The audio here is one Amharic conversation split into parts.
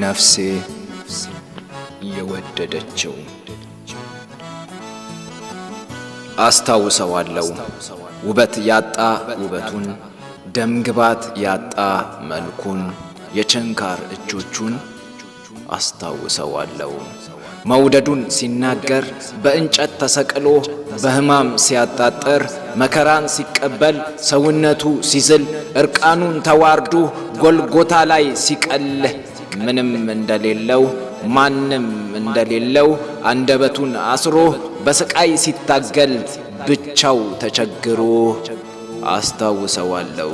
ነፍሴ የወደደችው አስታውሰዋለሁ። ውበት ያጣ ውበቱን፣ ደምግባት ያጣ መልኩን፣ የችንካር እጆቹን አስታውሰዋለሁ። መውደዱን ሲናገር በእንጨት ተሰቅሎ በሕማም ሲያጣጥር መከራን ሲቀበል ሰውነቱ ሲዝል እርቃኑን ተዋርዱ ጎልጎታ ላይ ሲቀልህ ምንም እንደሌለው ማንም እንደሌለው አንደበቱን አስሮ በስቃይ ሲታገል ብቻው ተቸግሮ አስታውሰዋለሁ።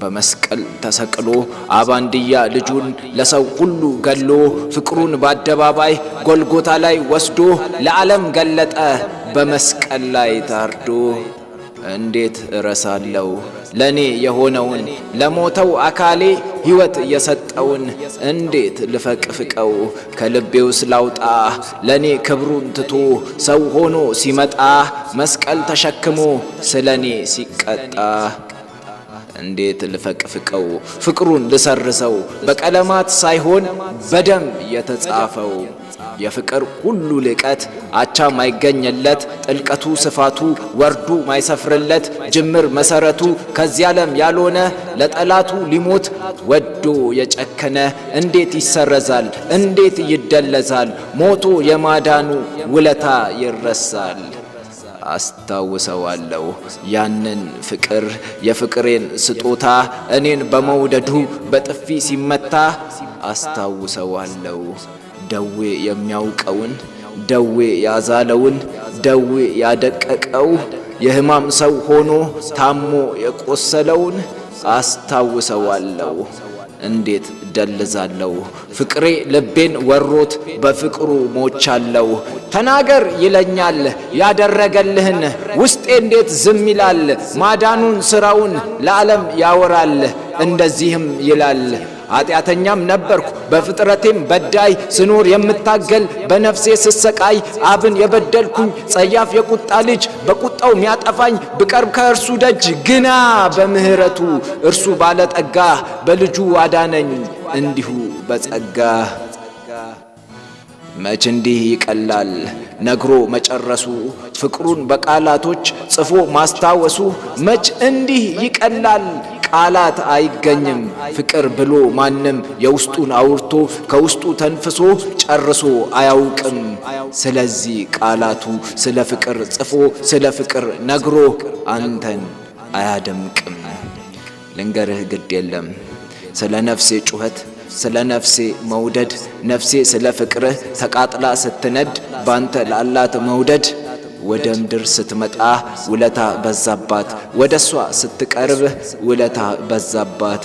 በመስቀል ተሰቅሎ አባንድያ ልጁን ለሰው ሁሉ ገሎ ፍቅሩን በአደባባይ ጎልጎታ ላይ ወስዶ ለዓለም ገለጠ በመስቀል ላይ ታርዶ እንዴት እረሳለሁ? ለእኔ የሆነውን ለሞተው አካሌ ሕይወት የሰጠውን እንዴት ልፈቅፍቀው? ከልቤውስ ላውጣ? ለእኔ ክብሩን ትቶ ሰው ሆኖ ሲመጣ መስቀል ተሸክሞ ስለ እኔ ሲቀጣ እንዴት ልፈቅፍቀው ፍቅሩን ልሰርሰው በቀለማት ሳይሆን በደም የተጻፈው የፍቅር ሁሉ ልቀት አቻ ማይገኝለት ጥልቀቱ ስፋቱ ወርዱ ማይሰፍርለት ጅምር መሰረቱ ከዚህ ዓለም ያልሆነ ለጠላቱ ሊሞት ወዶ የጨከነ እንዴት ይሰረዛል? እንዴት ይደለዛል? ሞቶ የማዳኑ ውለታ ይረሳል። አስታውሰዋለሁ። ያንን ፍቅር የፍቅሬን ስጦታ እኔን በመውደዱ በጥፊ ሲመታ አስታውሰዋለሁ። ደዌ የሚያውቀውን ደዌ ያዛለውን ደዌ ያደቀቀው የሕማም ሰው ሆኖ ታሞ የቆሰለውን አስታውሰዋለሁ። እንዴት ደልዛለሁ ፍቅሬ ልቤን ወሮት በፍቅሩ ሞቻለሁ። ተናገር ይለኛል ያደረገልህን ውስጤ እንዴት ዝም ይላል? ማዳኑን ስራውን ለዓለም ያወራል እንደዚህም ይላል ኃጢአተኛም ነበርኩ፣ በፍጥረቴም በዳይ ስኖር የምታገል በነፍሴ ስሰቃይ አብን የበደልኩኝ ጸያፍ የቁጣ ልጅ በቁጣው ሚያጠፋኝ ብቀርብ ከእርሱ ደጅ ግና በምህረቱ እርሱ ባለጠጋ በልጁ አዳነኝ እንዲሁ በጸጋ። መች እንዲህ ይቀላል ነግሮ መጨረሱ ፍቅሩን በቃላቶች ጽፎ ማስታወሱ መች እንዲህ ይቀላል ቃላት አይገኝም። ፍቅር ብሎ ማንም የውስጡን አውርቶ ከውስጡ ተንፍሶ ጨርሶ አያውቅም። ስለዚህ ቃላቱ ስለ ፍቅር ጽፎ ስለ ፍቅር ነግሮ አንተን አያደምቅም። ልንገርህ ግድ የለም ስለ ነፍሴ ጩኸት ስለ ነፍሴ መውደድ ነፍሴ ስለ ፍቅርህ ተቃጥላ ስትነድ ባንተ ላላት መውደድ ወደ ምድር ስትመጣ ውለታ በዛባት፣ ወደ እሷ ስትቀርብ ውለታ በዛባት፣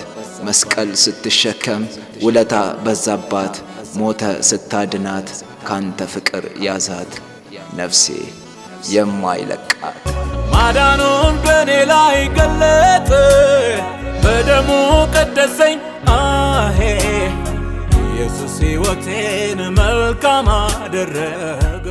መስቀል ስትሸከም ውለታ በዛባት፣ ሞተ ስታድናት ካንተ ፍቅር ያዛት ነፍሴ የማይለቃት ማዳኑን በእኔ ላይ ገለጠ፣ በደሙ ቀደሰኝ አሄ ኢየሱስ ሕይወቴን መልካም አደረገ።